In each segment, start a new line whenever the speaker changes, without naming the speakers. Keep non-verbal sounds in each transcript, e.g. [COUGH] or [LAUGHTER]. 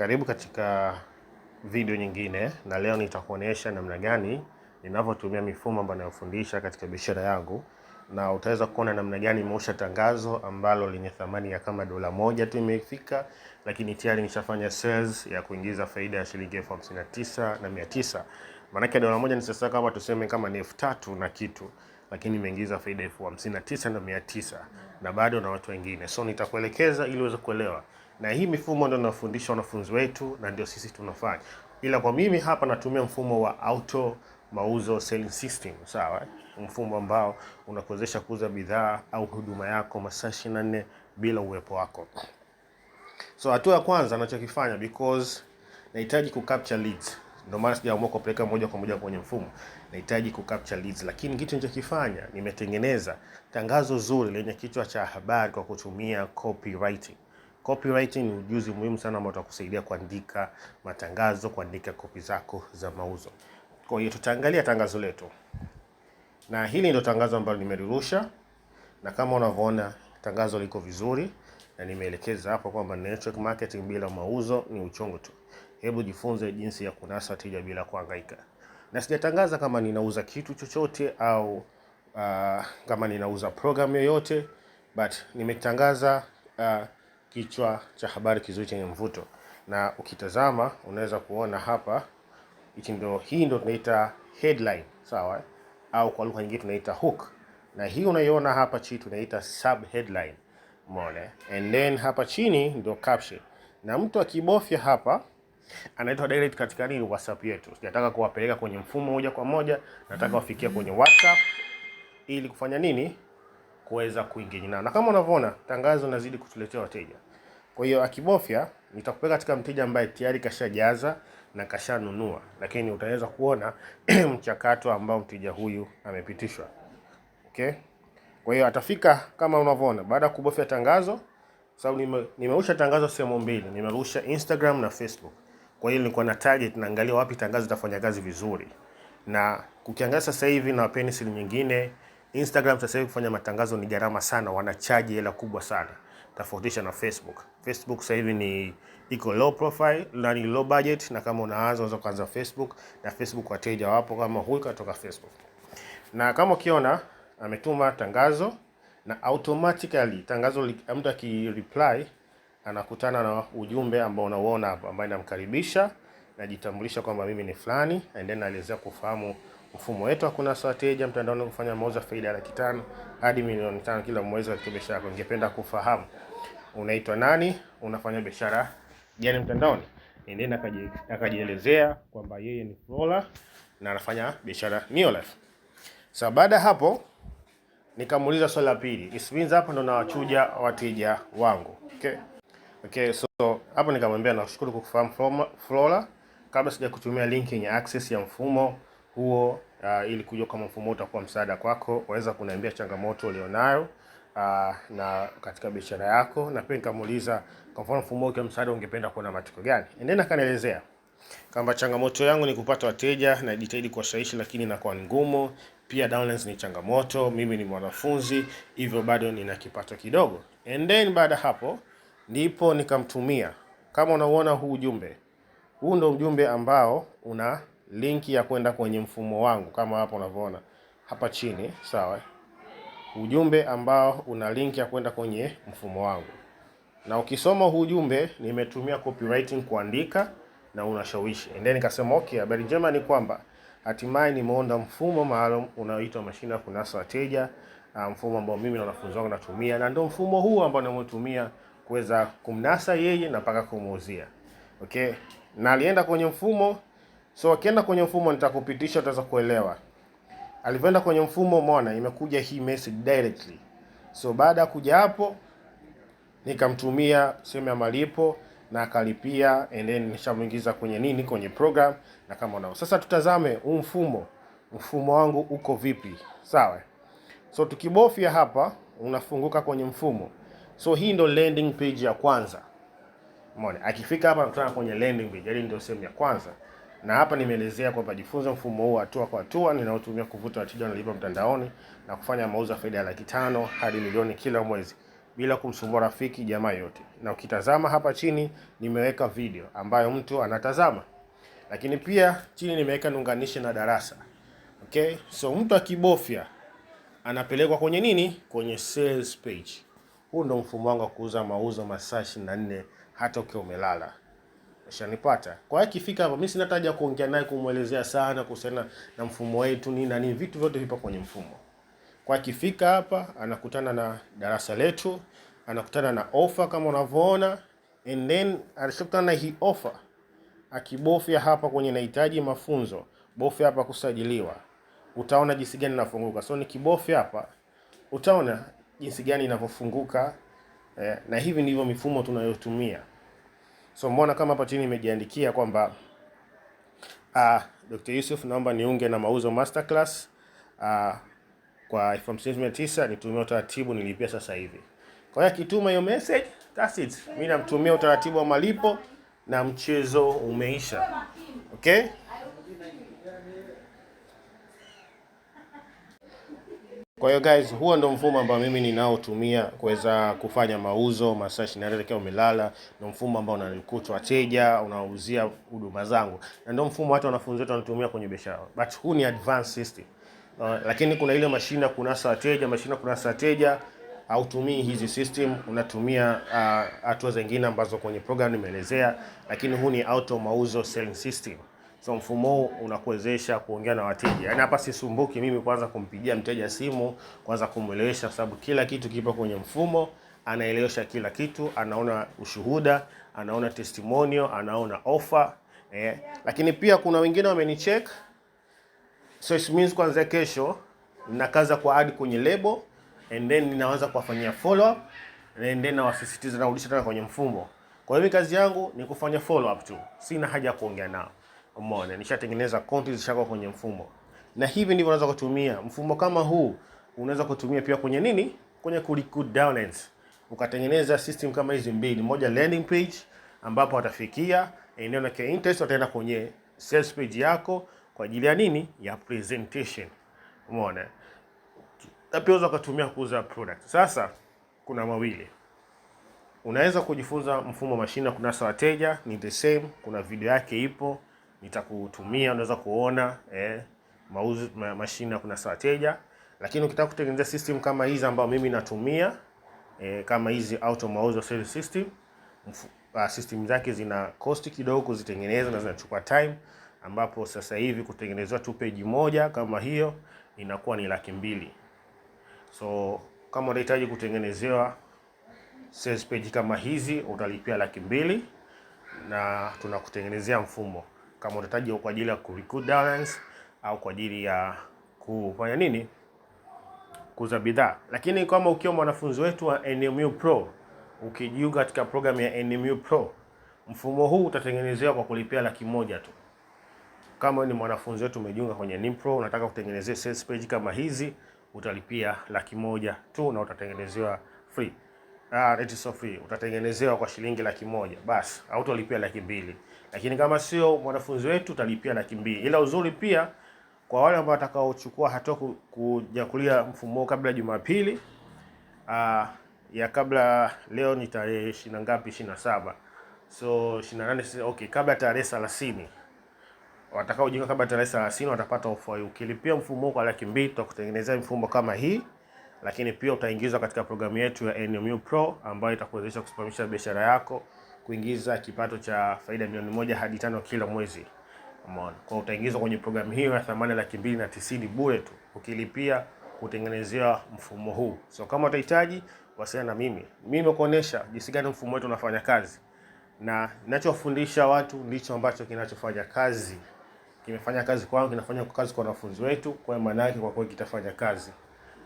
Karibu katika video nyingine, na leo nitakuonyesha namna gani ninavyotumia mifumo ambayo nayofundisha katika biashara yangu, na utaweza kuona namna gani nimeosha tangazo ambalo lenye thamani ya kama dola moja tu imefika, lakini tayari nishafanya sales ya kuingiza faida ya shilingi elfu hamsini na tisa na mia tisa. Maanake dola moja ni sasa kama tuseme kama ni elfu tatu na kitu lakini imeingiza faida elfu hamsini na tisa na mia tisa na bado na watu wengine. So nitakuelekeza ili uweze kuelewa na hii mifumo ndio tunafundisha wanafunzi wetu na ndio sisi tunafanya, ila kwa mimi hapa natumia mfumo wa auto mauzo selling system, sawa, mfumo ambao unakuwezesha kuuza bidhaa au huduma yako masaa 24 bila uwepo wako. So hatua ya kwanza nachokifanya, because nahitaji ku capture leads, ndio maana sijaamua kupeleka moja kwa moja kwenye mfumo, nahitaji ku capture leads. Lakini kitu ninachokifanya, nimetengeneza tangazo zuri lenye kichwa cha habari kwa kutumia copywriting. Copywriting ni ujuzi muhimu sana ambao utakusaidia kuandika matangazo, kuandika kopi zako za mauzo. Kwa hiyo tutaangalia tangazo letu, na hili ndio tangazo ambalo nimelirusha, na kama unavyoona tangazo liko vizuri na nimeelekeza hapo kwamba network marketing bila mauzo ni uchongo tu. Hebu jifunze jinsi ya kunasa tija bila kuhangaika. Na sijatangaza kama ninauza kitu chochote au uh, kama ninauza program yoyote, but nimetangaza uh, kichwa cha habari kizuri chenye mvuto, na ukitazama unaweza kuona hapa, hichi ndo, hii ndo tunaita headline, sawa, au kwa lugha nyingine tunaita hook, na hii unaiona hapa chini tunaita sub headline, umeona, and then hapa chini ndo caption, na mtu akibofya hapa anaitwa direct katika nini, WhatsApp yetu. Sijataka kuwapeleka kwenye mfumo moja kwa moja, nataka wafikia kwenye WhatsApp ili kufanya nini kuweza kuingia nao, na kama unavyoona tangazo linazidi kutuletea wateja. Kwa hiyo akibofya nitakupeleka katika mteja ambaye tayari kashajaza na kashanunua, lakini utaweza kuona [CLEARS THROAT] mchakato ambao mteja huyu amepitishwa. Okay, kwa hiyo atafika kama unavyoona, baada ya kubofya tangazo, sababu nime, nimeusha tangazo sehemu mbili, nimerusha Instagram na Facebook. Kwa hiyo nilikuwa na target naangalia wapi tangazo litafanya kazi vizuri, na kukiangalia sasa hivi na wapeni sehemu nyingine Instagram sasa hivi kufanya matangazo ni gharama sana, wanachaji hela kubwa sana, tofautisha na Facebook. Facebook sasa hivi ni iko low profile, na ni low budget, na kama unaanza unaweza kuanza Facebook na Facebook wateja wapo, kama huyu katoka Facebook. Na kama ukiona ametuma tangazo na automatically tangazo, mtu akireply anakutana na ujumbe ambao unauona hapa, ambaye inamkaribisha najitambulisha kwamba mimi ni fulani, and then naelezea kufahamu Mfumo wetu hakuna wateja mtandaoni kufanya mauzo ya faida ya laki tano hadi milioni tano kila mwezi katika biashara yako. Ningependa kufahamu unaitwa nani, unafanya biashara gani mtandaoni? Nendeni akajielezea kwamba yeye ni Flora na anafanya biashara Neolife. Sasa baada ya hapo nikamuuliza swali la pili. It means hapo ndo nawachuja wateja wangu. Okay? Okay, so hapo nikamwambia nashukuru kukufahamu Flora. Kabla sija kutumia link yenye access ya mfumo huo uh, ili kujua kama mfumo utakuwa msaada kwako. Waweza kuniambia changamoto ulionayo uh, na katika biashara yako, na pia nikamuuliza kwa mfano mfumo wake msaada ungependa kuona matokeo gani. Endeni kanielezea kama changamoto yangu ni kupata wateja, najitahidi kuwashawishi lakini inakuwa ngumu. Pia downlines ni changamoto, mimi ni mwanafunzi hivyo bado nina kipato kidogo. And then baada hapo ndipo nikamtumia, kama unauona huu ujumbe, huu ndio ujumbe ambao una linki ya kwenda kwenye mfumo wangu kama hapo unavyoona hapa chini, sawa. Ujumbe ambao una linki ya kwenda kwenye mfumo wangu, na ukisoma huu ujumbe, nimetumia copywriting kuandika na unashawishi. And nikasema okay, habari njema ni kwamba hatimaye nimeunda mfumo maalum unaoitwa mashine ya kunasa wateja, uh, mfumo ambao mimi na wanafunzi wangu natumia, na ndio mfumo huu ambao nimeutumia kuweza kumnasa yeye na mpaka kumuuzia. Okay, na alienda kwenye mfumo So wakienda kwenye mfumo nitakupitisha utaweza kuelewa. Alivyoenda kwenye mfumo umeona imekuja hii message directly. So baada ya kuja hapo nikamtumia sehemu ya malipo na akalipia and then nishamuingiza kwenye nini kwenye program na kama unao. Sasa tutazame huu mfumo. Mfumo wangu uko vipi? Sawa. So tukibofia hapa unafunguka kwenye mfumo. So hii ndo landing page ya kwanza. Umeona? Akifika hapa anakutana kwenye landing page. Hii yaani ndio sehemu ya kwanza na hapa nimeelezea kwamba jifunze mfumo huu hatua kwa hatua ninaotumia kuvuta wateja wanalipa mtandaoni na kufanya mauzo ya faida ya laki tano hadi milioni kila mwezi bila kumsumbua rafiki jamaa yote. Na ukitazama hapa chini nimeweka video ambayo mtu anatazama, lakini pia chini nimeweka niunganishe na darasa. Okay, so mtu akibofya anapelekwa kwenye nini? Kwenye sales page. Huu ndio mfumo wangu wa kuuza mauzo masaa 24 hata ukiwa umelala. Shanipata. Kwa hiyo ikifika hapo, mimi sina haja kuongea naye kumwelezea sana kuhusiana na mfumo wetu nini na nini, vitu vyote vipo kwenye mfumo. Kwa hiyo ikifika hapa, anakutana na darasa letu, anakutana na offer kama unavyoona, and then anashokutana na hii offer, akibofya hapa kwenye nahitaji mafunzo, bofya hapa kusajiliwa, utaona jinsi gani inafunguka. So nikibofya hapa, utaona jinsi gani inavyofunguka eh, na hivi ndivyo mifumo tunayotumia. So mbona kama hapo chini imejiandikia kwamba uh, ah, Dr. Yusuf naomba niunge na mauzo masterclass uh, kwa elfu hamsini mia tisa nitumie utaratibu nilipia sasa hivi. Kwa hiyo akituma hiyo message, that's it. Mimi namtumia utaratibu wa malipo na mchezo umeisha. Okay? Kwa hiyo guys, huo ndo mfumo ambao mimi ninaotumia kuweza kufanya mauzo masaa 24 nikiwa umelala. Ndo mfumo ambao unanikuta wateja, unauzia huduma zangu, na ndo mfumo hata wanafunzi wetu wanatumia kwenye biashara, but huu ni advanced system. Uh, lakini kuna ile mashine kunasa wateja, mashine kunasa wateja hautumii hizi system, unatumia uh, hatua uh, zingine ambazo kwenye program nimeelezea, lakini huu ni auto mauzo selling system. So mfumo unakuwezesha kuongea na wateja. Yaani hapa sisumbuki mimi kwanza kumpigia mteja simu, kwanza kumwelewesha kwa sababu kila kitu kipo kwenye mfumo, anaelewesha kila kitu, anaona ushuhuda, anaona testimonio, anaona offer. Eh, lakini pia kuna wengine wamenicheck. So it means kwanza kesho nakaza kwa ad kwenye lebo and then ninaanza kuwafanyia follow up and then nawasisitiza, narudisha tena kwenye mfumo. Kwa hiyo kazi yangu ni kufanya follow up tu. Sina haja ya kuongea nao. Umeona, nishatengeneza konti zishakuwa kwenye mfumo, na hivi ndivyo unaweza kutumia mfumo kama huu. Unaweza kutumia pia kwenye nini, kwenye ku recruit talents, ukatengeneza system kama hizi mbili, moja landing page ambapo watafikia eneo la interest, wataenda kwenye sales page yako kwa ajili ya nini, ya presentation. Umeona, na pia unaweza kutumia kuuza product. Sasa kuna mawili unaweza kujifunza mfumo wa mashine kunasa wateja, ni the same, kuna video yake ipo nitakutumia, unaweza kuona eh, mauzo ma, mashine kuna strategia. Lakini ukitaka kutengeneza system kama hizi ambayo mimi natumia eh, kama hizi auto mauzo sales system mf, uh, ah, system zake zina cost kidogo kuzitengeneza na zinachukua time, ambapo sasa hivi kutengenezwa tu page moja kama hiyo inakuwa ni laki mbili. So kama unahitaji kutengenezewa sales page kama hizi utalipia laki mbili na tunakutengenezea mfumo kama unahitaji kwa ajili ya ku recruit au kwa ajili ya kufanya nini, kuuza bidhaa. Lakini kama ukiwa mwanafunzi wetu wa NMU Pro ukijiunga katika programu ya NMU Pro, mfumo huu utatengenezewa kwa kulipia laki moja tu. Kama ni mwanafunzi wetu umejiunga kwenye NMU Pro, unataka kutengenezea sales page kama hizi, utalipia laki moja tu na utatengenezewa free ah, so free utatengenezewa kwa shilingi laki moja basi, au utalipia laki mbili lakini kama sio mwanafunzi wetu utalipia laki mbili Ila uzuri pia kwa wale ambao watakaochukua hatua kujakulia mfumo kabla Jumapili ah, ya kabla leo ni tarehe ishirini ngapi? ishirini na saba so ishirini na nane okay, kabla tarehe thelathini watakaojiunga kabla tarehe thelathini watapata ofa. Ukilipia mfumo kwa laki mbili tutakutengenezea mfumo kama hii lakini pia utaingizwa katika programu yetu ya NMU Pro ambayo itakuwezesha kusimamisha biashara yako kuingiza kipato cha faida milioni moja hadi tano kila mwezi. Umeona? Kwa utaingizwa kwenye programu hiyo ya thamani laki mbili na tisini bure tu. Ukilipia kutengenezewa mfumo huu. So kama utahitaji wasiliana na mimi. Mimi nimekuonesha jinsi gani mfumo wetu unafanya kazi. Na ninachofundisha watu ndicho ambacho kinachofanya kazi. Kimefanya kazi kwangu, kinafanya kazi kwa wanafunzi wetu, kwa maana yake kwa kweli kitafanya kazi.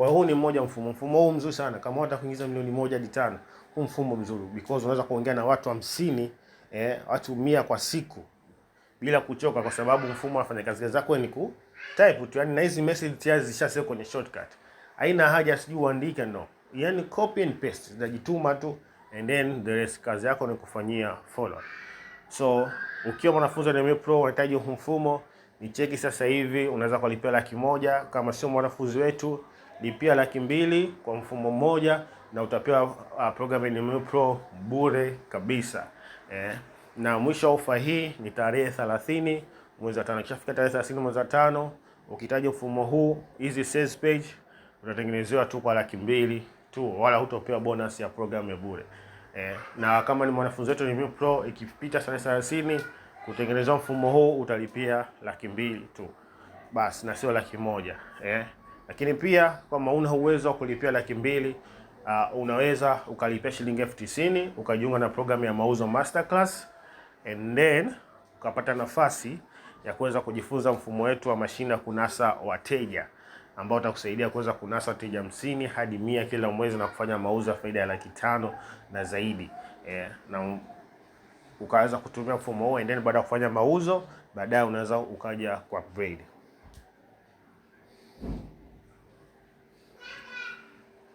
Kwa hiyo huu ni mmoja mfumo, mfumo huu mzuri sana kama unataka kuingiza milioni moja hadi tano, huu mfumo mzuri because unaweza kuongea na watu hamsini eh, watu mia kwa siku bila kuchoka, kwa sababu mfumo unafanya kazi zako ni ku type tu, yani na hizi message tayari zishasema kwenye shortcut, haina haja sijui uandike no, yani copy and paste zinajituma tu, and then the rest kazi yako ni kufanyia follow. So ukiwa mwanafunzi wa Pro unahitaji huu mfumo, ni cheki sasa hivi, unaweza kulipia laki moja kama sio mwanafunzi wetu lipia laki mbili kwa mfumo mmoja na utapewa uh, program ya Pro bure kabisa eh. Na mwisho wa ofa hii ni tarehe 30 mwezi wa tano. Kishafika tarehe 30 mwezi wa tano, ukitaji mfumo huu, hizi sales page utatengenezewa tu kwa laki mbili tu, wala hutopewa bonus ya program ya bure eh. Na kama ni mwanafunzi wetu ni Pro, ikipita tarehe 30 kutengenezwa mfumo huu utalipia laki mbili tu basi na sio laki moja eh lakini pia kama una uwezo wa kulipia laki mbili uh, unaweza ukalipia shilingi elfu tisini ukajiunga na programu ya mauzo masterclass and then ukapata nafasi ya kuweza kujifunza mfumo wetu wa mashine ya kunasa wateja ambao utakusaidia kuweza kunasa wateja hamsini hadi mia kila mwezi na kufanya mauzo ya faida ya laki tano na zaidi eh, na ukaweza kutumia mfumo huo endeni baada ya kufanya mauzo baadaye unaweza ukaja kwa upgrade.